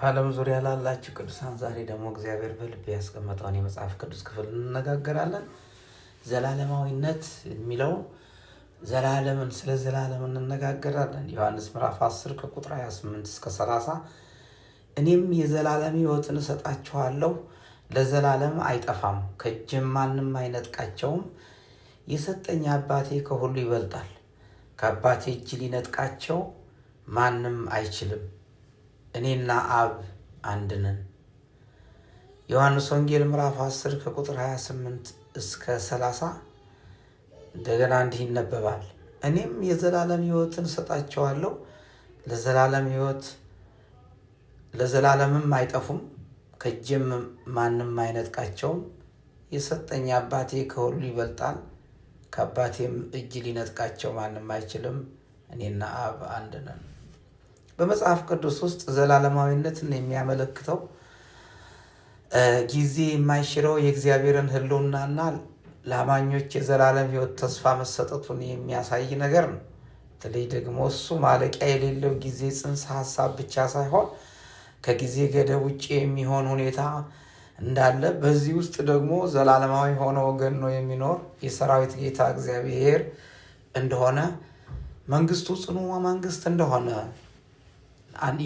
በዓለም ዙሪያ ላላችሁ ቅዱሳን ዛሬ ደግሞ እግዚአብሔር በልብ ያስቀመጠውን የመጽሐፍ ቅዱስ ክፍል እንነጋገራለን። ዘላለማዊነት የሚለው ዘላለምን ስለ ዘላለም እንነጋገራለን። ዮሐንስ ምዕራፍ 10 ከቁጥር 28 እስከ 30 እኔም የዘላለም ሕይወትን እሰጣችኋለሁ፣ ለዘላለም አይጠፋም፣ ከእጅም ማንም አይነጥቃቸውም። የሰጠኝ አባቴ ከሁሉ ይበልጣል፣ ከአባቴ እጅ ሊነጥቃቸው ማንም አይችልም እኔና አብ አንድ ነን። ዮሐንስ ወንጌል ምዕራፍ 10 ከቁጥር 28 እስከ 30 እንደገና እንዲህ ይነበባል። እኔም የዘላለም ሕይወትን ሰጣቸዋለሁ ለዘላለም ሕይወት ለዘላለምም አይጠፉም፣ ከእጄም ማንም አይነጥቃቸውም። የሰጠኝ አባቴ ከሁሉ ይበልጣል፣ ከአባቴም እጅ ሊነጥቃቸው ማንም አይችልም። እኔና አብ አንድ ነን። በመጽሐፍ ቅዱስ ውስጥ ዘላለማዊነትን የሚያመለክተው ጊዜ የማይሽረው የእግዚአብሔርን ሕልውናና ለአማኞች የዘላለም ሕይወት ተስፋ መሰጠቱን የሚያሳይ ነገር ነው። በተለይ ደግሞ እሱ ማለቂያ የሌለው ጊዜ ጽንሰ ሀሳብ ብቻ ሳይሆን ከጊዜ ገደብ ውጭ የሚሆን ሁኔታ እንዳለ በዚህ ውስጥ ደግሞ ዘላለማዊ ሆነ ወገን ነው የሚኖር የሰራዊት ጌታ እግዚአብሔር እንደሆነ መንግስቱ ጽኑ መንግስት እንደሆነ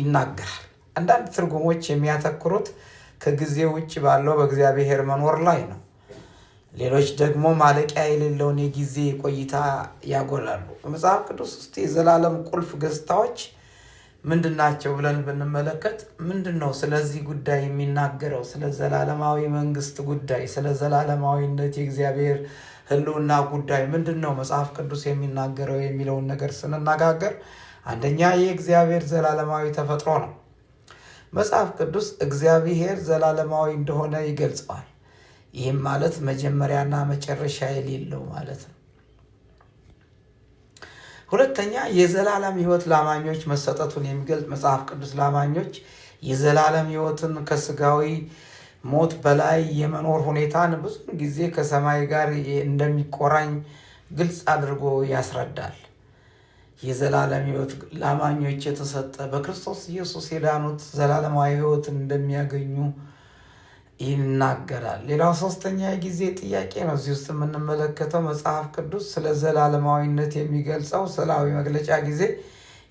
ይናገራል። አንዳንድ ትርጉሞች የሚያተኩሩት ከጊዜ ውጭ ባለው በእግዚአብሔር መኖር ላይ ነው። ሌሎች ደግሞ ማለቂያ የሌለውን የጊዜ ቆይታ ያጎላሉ። በመጽሐፍ ቅዱስ ውስጥ የዘላለም ቁልፍ ገጽታዎች ምንድን ናቸው ብለን ብንመለከት ምንድን ነው ስለዚህ ጉዳይ የሚናገረው? ስለ ዘላለማዊ መንግስት ጉዳይ፣ ስለ ዘላለማዊነት የእግዚአብሔር ህልውና ጉዳይ ምንድን ነው መጽሐፍ ቅዱስ የሚናገረው የሚለውን ነገር ስንነጋገር አንደኛ የእግዚአብሔር ዘላለማዊ ተፈጥሮ ነው። መጽሐፍ ቅዱስ እግዚአብሔር ዘላለማዊ እንደሆነ ይገልጸዋል። ይህም ማለት መጀመሪያና መጨረሻ የሌለው ማለት ነው። ሁለተኛ የዘላለም ሕይወት ለአማኞች መሰጠቱን የሚገልጽ መጽሐፍ ቅዱስ ለአማኞች የዘላለም ሕይወትን ከስጋዊ ሞት በላይ የመኖር ሁኔታን ብዙ ጊዜ ከሰማይ ጋር እንደሚቆራኝ ግልጽ አድርጎ ያስረዳል። የዘላለም ህይወት ላማኞች የተሰጠ በክርስቶስ ኢየሱስ የዳኑት ዘላለማዊ ህይወት እንደሚያገኙ ይናገራል። ሌላው ሶስተኛ የጊዜ ጥያቄ ነው። እዚህ ውስጥ የምንመለከተው መጽሐፍ ቅዱስ ስለ ዘላለማዊነት የሚገልጸው ስላዊ መግለጫ ጊዜ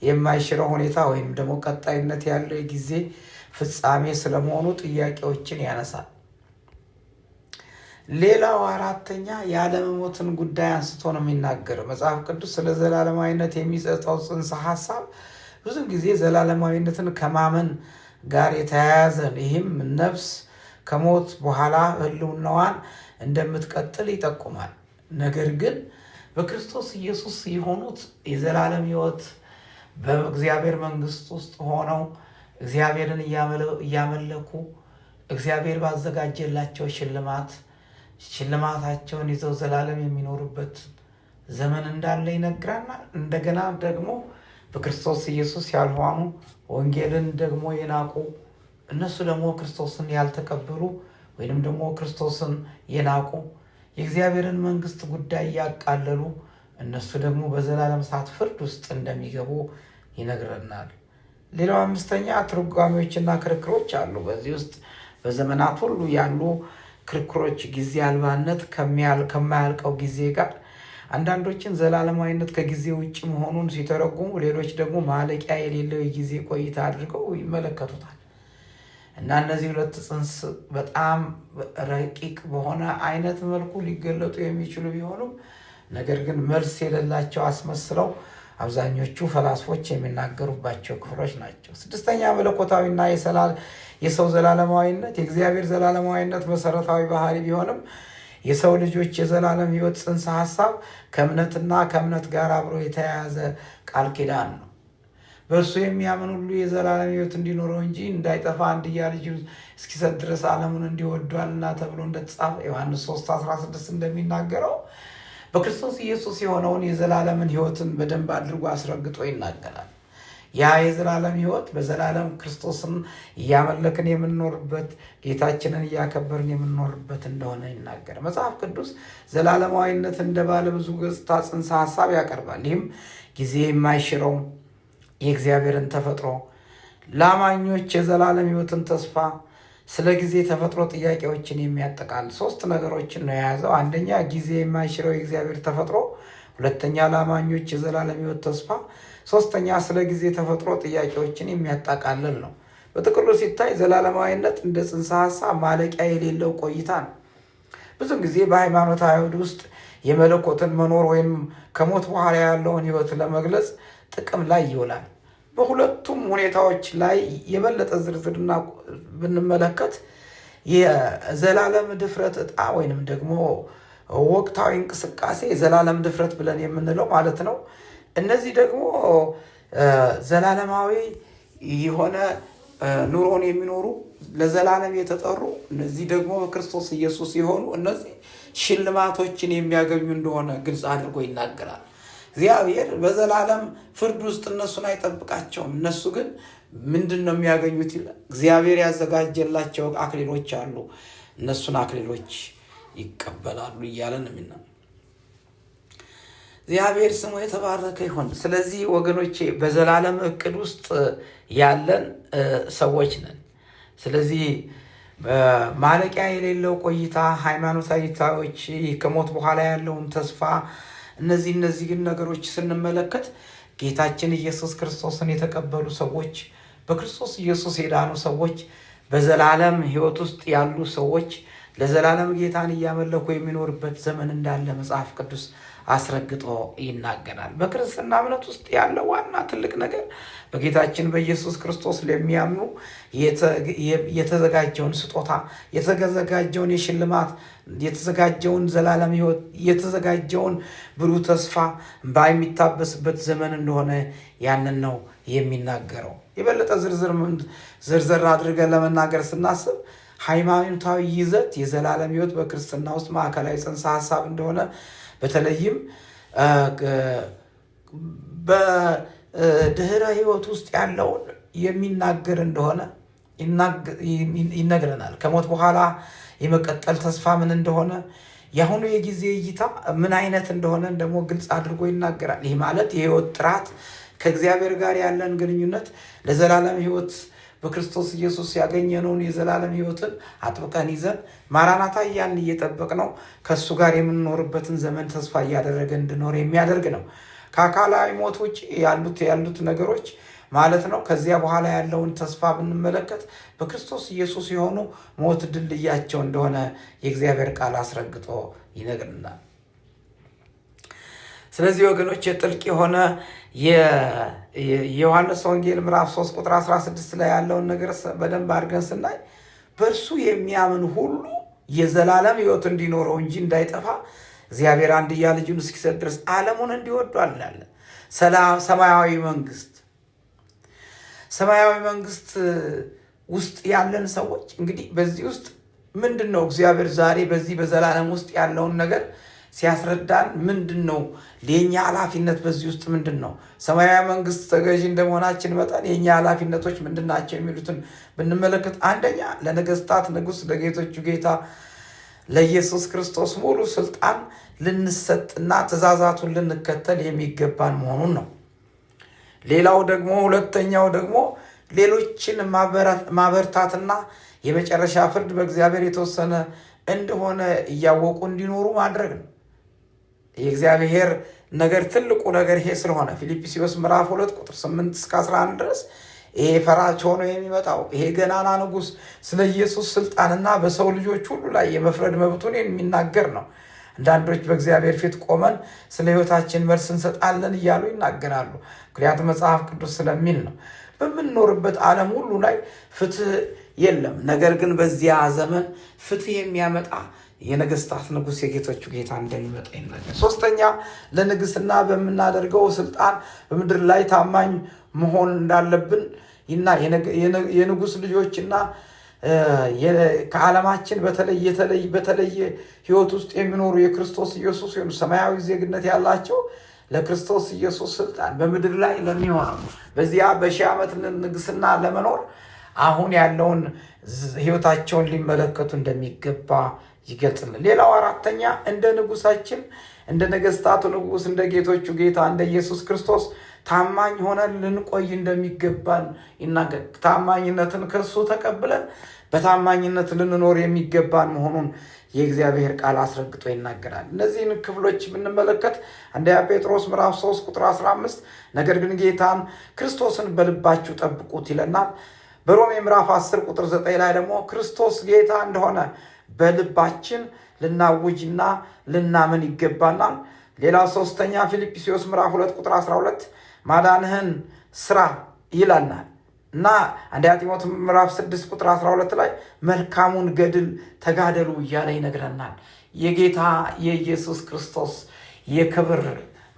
የማይሽረው ሁኔታ ወይም ደግሞ ቀጣይነት ያለው የጊዜ ፍጻሜ ስለመሆኑ ጥያቄዎችን ያነሳል። ሌላው አራተኛ የዓለመሞትን ጉዳይ አንስቶ ነው የሚናገረው መጽሐፍ ቅዱስ። ስለ ዘላለማዊነት የሚሰጠው ጽንሰ ሀሳብ ብዙ ጊዜ ዘላለማዊነትን ከማመን ጋር የተያያዘ ይህም ነፍስ ከሞት በኋላ ሕልውናዋን እንደምትቀጥል ይጠቁማል። ነገር ግን በክርስቶስ ኢየሱስ የሆኑት የዘላለም ህይወት በእግዚአብሔር መንግስት ውስጥ ሆነው እግዚአብሔርን እያመለኩ እግዚአብሔር ባዘጋጀላቸው ሽልማት ሽልማታቸውን ይዘው ዘላለም የሚኖሩበት ዘመን እንዳለ ይነግራናል። እንደገና ደግሞ በክርስቶስ ኢየሱስ ያልሆኑ ወንጌልን ደግሞ የናቁ እነሱ ደግሞ ክርስቶስን ያልተቀበሉ ወይንም ደግሞ ክርስቶስን የናቁ የእግዚአብሔርን መንግስት ጉዳይ እያቃለሉ እነሱ ደግሞ በዘላለም ሰዓት ፍርድ ውስጥ እንደሚገቡ ይነግረናል። ሌላው አምስተኛ ትርጓሜዎችና ክርክሮች አሉ። በዚህ ውስጥ በዘመናት ሁሉ ያሉ ክርክሮች፣ ጊዜ አልባነት ከማያልቀው ጊዜ ጋር አንዳንዶችን ዘላለማዊነት ከጊዜ ውጭ መሆኑን ሲተረጉሙ፣ ሌሎች ደግሞ ማለቂያ የሌለው የጊዜ ቆይታ አድርገው ይመለከቱታል እና እነዚህ ሁለት ጽንስ በጣም ረቂቅ በሆነ አይነት መልኩ ሊገለጡ የሚችሉ ቢሆኑም ነገር ግን መልስ የሌላቸው አስመስለው አብዛኞቹ ፈላስፎች የሚናገሩባቸው ክፍሎች ናቸው። ስድስተኛ መለኮታዊና የሰው ዘላለማዊነት የእግዚአብሔር ዘላለማዊነት መሰረታዊ ባህሪ ቢሆንም የሰው ልጆች የዘላለም ሕይወት ጽንሰ ሀሳብ ከእምነትና ከእምነት ጋር አብሮ የተያያዘ ቃል ኪዳን ነው። በእርሱ የሚያምን ሁሉ የዘላለም ሕይወት እንዲኖረው እንጂ እንዳይጠፋ አንድያ ልጅ እስኪሰጥ ድረስ ዓለሙን እንዲወዷልና ተብሎ እንደተጻፈ ዮሐንስ 3 16 እንደሚናገረው በክርስቶስ ኢየሱስ የሆነውን የዘላለምን ህይወትን በደንብ አድርጎ አስረግጦ ይናገራል። ያ የዘላለም ህይወት በዘላለም ክርስቶስን እያመለክን የምንኖርበት ጌታችንን እያከበርን የምንኖርበት እንደሆነ ይናገር። መጽሐፍ ቅዱስ ዘላለማዊነት እንደ ባለ ብዙ ገጽታ ጽንሰ ሀሳብ ያቀርባል። ይህም ጊዜ የማይሽረው የእግዚአብሔርን ተፈጥሮ ላማኞች የዘላለም ህይወትን ተስፋ ስለ ጊዜ ተፈጥሮ ጥያቄዎችን የሚያጠቃል ሶስት ነገሮችን ነው የያዘው። አንደኛ ጊዜ የማይሽረው የእግዚአብሔር ተፈጥሮ፣ ሁለተኛ ለአማኞች የዘላለም ሕይወት ተስፋ፣ ሶስተኛ ስለ ጊዜ ተፈጥሮ ጥያቄዎችን የሚያጠቃልል ነው። በጥቅሉ ሲታይ ዘላለማዊነት እንደ ጽንሰ ሀሳብ ማለቂያ የሌለው ቆይታ ነው። ብዙ ጊዜ በሃይማኖት አይሁድ ውስጥ የመለኮትን መኖር ወይም ከሞት በኋላ ያለውን ሕይወት ለመግለጽ ጥቅም ላይ ይውላል። በሁለቱም ሁኔታዎች ላይ የበለጠ ዝርዝርና ብንመለከት የዘላለም ድፍረት እጣ ወይንም ደግሞ ወቅታዊ እንቅስቃሴ የዘላለም ድፍረት ብለን የምንለው ማለት ነው። እነዚህ ደግሞ ዘላለማዊ የሆነ ኑሮን የሚኖሩ ለዘላለም የተጠሩ እነዚህ ደግሞ በክርስቶስ ኢየሱስ የሆኑ እነዚህ ሽልማቶችን የሚያገኙ እንደሆነ ግልጽ አድርጎ ይናገራል። እግዚአብሔር በዘላለም ፍርድ ውስጥ እነሱን አይጠብቃቸውም። እነሱ ግን ምንድን ነው የሚያገኙት? እግዚአብሔር ያዘጋጀላቸው አክሊሎች አሉ። እነሱን አክሊሎች ይቀበላሉ እያለን የሚና እግዚአብሔር ስሙ የተባረከ ይሁን። ስለዚህ ወገኖቼ በዘላለም እቅድ ውስጥ ያለን ሰዎች ነን። ስለዚህ ማለቂያ የሌለው ቆይታ ሃይማኖታዊ ታዎች ከሞት በኋላ ያለውን ተስፋ እነዚህ እነዚህን ነገሮች ስንመለከት ጌታችን ኢየሱስ ክርስቶስን የተቀበሉ ሰዎች፣ በክርስቶስ ኢየሱስ የዳኑ ሰዎች፣ በዘላለም ሕይወት ውስጥ ያሉ ሰዎች ለዘላለም ጌታን እያመለኩ የሚኖርበት ዘመን እንዳለ መጽሐፍ ቅዱስ አስረግጦ ይናገራል። በክርስትና እምነት ውስጥ ያለው ዋና ትልቅ ነገር በጌታችን በኢየሱስ ክርስቶስ ለሚያምኑ የተዘጋጀውን ስጦታ፣ የተዘጋጀውን የሽልማት፣ የተዘጋጀውን ዘላለም ሕይወት፣ የተዘጋጀውን ብሩህ ተስፋ እምባ የሚታበስበት ዘመን እንደሆነ ያንን ነው የሚናገረው። የበለጠ ዝርዝር ዝርዝር አድርገን ለመናገር ስናስብ ሃይማኖታዊ ይዘት የዘላለም ህይወት በክርስትና ውስጥ ማዕከላዊ ጽንሰ ሀሳብ እንደሆነ በተለይም በድህረ ህይወት ውስጥ ያለውን የሚናገር እንደሆነ ይነግረናል። ከሞት በኋላ የመቀጠል ተስፋ ምን እንደሆነ የአሁኑ የጊዜ እይታ ምን አይነት እንደሆነ ደግሞ ግልጽ አድርጎ ይናገራል። ይህ ማለት የህይወት ጥራት ከእግዚአብሔር ጋር ያለን ግንኙነት ለዘላለም ህይወት በክርስቶስ ኢየሱስ ያገኘነውን የዘላለም ሕይወትን አጥብቀን ይዘን ማራናታ እያልን እየጠበቅ ነው ከእሱ ጋር የምንኖርበትን ዘመን ተስፋ እያደረገ እንድኖር የሚያደርግ ነው። ከአካላዊ ሞት ውጭ ያሉት ያሉት ነገሮች ማለት ነው። ከዚያ በኋላ ያለውን ተስፋ ብንመለከት በክርስቶስ ኢየሱስ የሆኑ ሞት ድልድያቸው እንደሆነ የእግዚአብሔር ቃል አስረግጦ ይነግርናል። ስለዚህ ወገኖች የጥልቅ የሆነ የዮሐንስ ወንጌል ምዕራፍ 3 ቁጥር 16 ላይ ያለውን ነገር በደንብ አድርገን ስናይ በእርሱ የሚያምን ሁሉ የዘላለም ሕይወት እንዲኖረው እንጂ እንዳይጠፋ እግዚአብሔር አንድያ ልጁን እስኪሰጥ ድረስ ዓለሙን እንዲወዱ አላለ። ሰማያዊ መንግስት ሰማያዊ መንግስት ውስጥ ያለን ሰዎች እንግዲህ በዚህ ውስጥ ምንድን ነው እግዚአብሔር ዛሬ በዚህ በዘላለም ውስጥ ያለውን ነገር ሲያስረዳን ምንድን ነው የእኛ ኃላፊነት በዚህ ውስጥ ምንድን ነው? ሰማያዊ መንግስት ተገዢ እንደመሆናችን መጠን የእኛ ኃላፊነቶች ምንድን ናቸው የሚሉትን ብንመለከት አንደኛ ለነገስታት ንጉሥ ለጌቶቹ ጌታ ለኢየሱስ ክርስቶስ ሙሉ ስልጣን ልንሰጥና ትእዛዛቱን ልንከተል የሚገባን መሆኑን ነው። ሌላው ደግሞ ሁለተኛው ደግሞ ሌሎችን ማበርታትና የመጨረሻ ፍርድ በእግዚአብሔር የተወሰነ እንደሆነ እያወቁ እንዲኖሩ ማድረግ ነው። የእግዚአብሔር ነገር ትልቁ ነገር ይሄ ስለሆነ ፊልጵስዩስ ምዕራፍ ሁለት ቁጥር 8 እስከ 11 ድረስ ይሄ ፈራች ሆኖ የሚመጣው ይሄ ገናና ንጉሥ ስለ ኢየሱስ ስልጣንና በሰው ልጆች ሁሉ ላይ የመፍረድ መብቱን የሚናገር ነው። አንዳንዶች በእግዚአብሔር ፊት ቆመን ስለ ሕይወታችን መልስ እንሰጣለን እያሉ ይናገራሉ። ምክንያቱም መጽሐፍ ቅዱስ ስለሚል ነው። በምንኖርበት ዓለም ሁሉ ላይ ፍትህ የለም። ነገር ግን በዚያ ዘመን ፍትህ የሚያመጣ የነገስታት ንጉስ የጌቶቹ ጌታ እንደሚመጣ ይናገር። ሶስተኛ ለንግስና በምናደርገው ስልጣን በምድር ላይ ታማኝ መሆን እንዳለብን እና የንጉስ ልጆችና ከዓለማችን በተለየ ህይወት ውስጥ የሚኖሩ የክርስቶስ ኢየሱስ የሆኑ ሰማያዊ ዜግነት ያላቸው ለክርስቶስ ኢየሱስ ስልጣን በምድር ላይ ለሚሆነው በዚያ በሺህ ዓመት ንግስና ለመኖር አሁን ያለውን ህይወታቸውን ሊመለከቱ እንደሚገባ ይገልጽልን። ሌላው አራተኛ እንደ ንጉሳችን እንደ ነገስታቱ ንጉስ እንደ ጌቶቹ ጌታ እንደ ኢየሱስ ክርስቶስ ታማኝ ሆነን ልንቆይ እንደሚገባን ይናገር። ታማኝነትን ከእሱ ተቀብለን በታማኝነት ልንኖር የሚገባን መሆኑን የእግዚአብሔር ቃል አስረግጦ ይናገራል። እነዚህን ክፍሎች ብንመለከት አንደኛ ጴጥሮስ ምዕራፍ 3 ቁጥር 15 ነገር ግን ጌታን ክርስቶስን በልባችሁ ጠብቁት ይለናል። በሮሜ ምዕራፍ 10 ቁጥር 9 ላይ ደግሞ ክርስቶስ ጌታ እንደሆነ በልባችን ልናውጅና ልናምን ይገባናል። ሌላ ሶስተኛ ፊልጵስዩስ ምዕራፍ 2 ቁጥር 12 ማዳንህን ስራ ይላልናል እና አንደኛ ጢሞቴዎስ ምዕራፍ 6 ቁጥር 12 ላይ መልካሙን ገድል ተጋደሉ እያለ ይነግረናል። የጌታ የኢየሱስ ክርስቶስ የክብር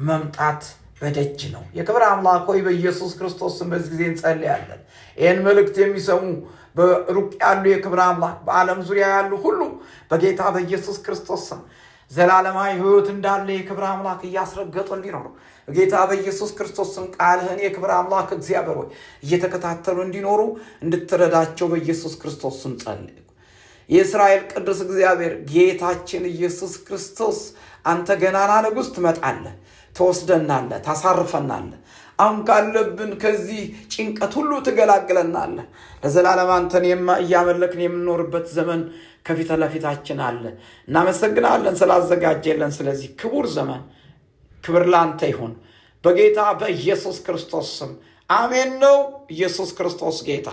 መምጣት በደጅ ነው። የክብር አምላክ ሆይ በኢየሱስ ክርስቶስ በዚህ ጊዜ እንጸልያለን። ይህን መልእክት የሚሰሙ በሩቅ ያሉ የክብር አምላክ በዓለም ዙሪያ ያሉ ሁሉ በጌታ በኢየሱስ ክርስቶስ ስም ዘላለማዊ ሕይወት እንዳለ የክብር አምላክ እያስረገጡ እንዲኖሩ ጌታ በኢየሱስ ክርስቶስ ስም ቃልህን የክብር አምላክ እግዚአብሔር ሆይ እየተከታተሉ እንዲኖሩ እንድትረዳቸው በኢየሱስ ክርስቶስ ስም የእስራኤል ቅዱስ እግዚአብሔር ጌታችን ኢየሱስ ክርስቶስ አንተ ገናና ንጉሥ ትመጣለህ፣ ትወስደናለህ፣ ታሳርፈናለህ። አሁን ካለብን ከዚህ ጭንቀት ሁሉ ትገላግለናለህ። ለዘላለም አንተን እያመለክን የምንኖርበት ዘመን ከፊት ለፊታችን አለ። እናመሰግናለን ስላዘጋጀለን ስለዚህ ክቡር ዘመን። ክብር ለአንተ ይሁን በጌታ በኢየሱስ ክርስቶስ ስም አሜን። ነው ኢየሱስ ክርስቶስ ጌታ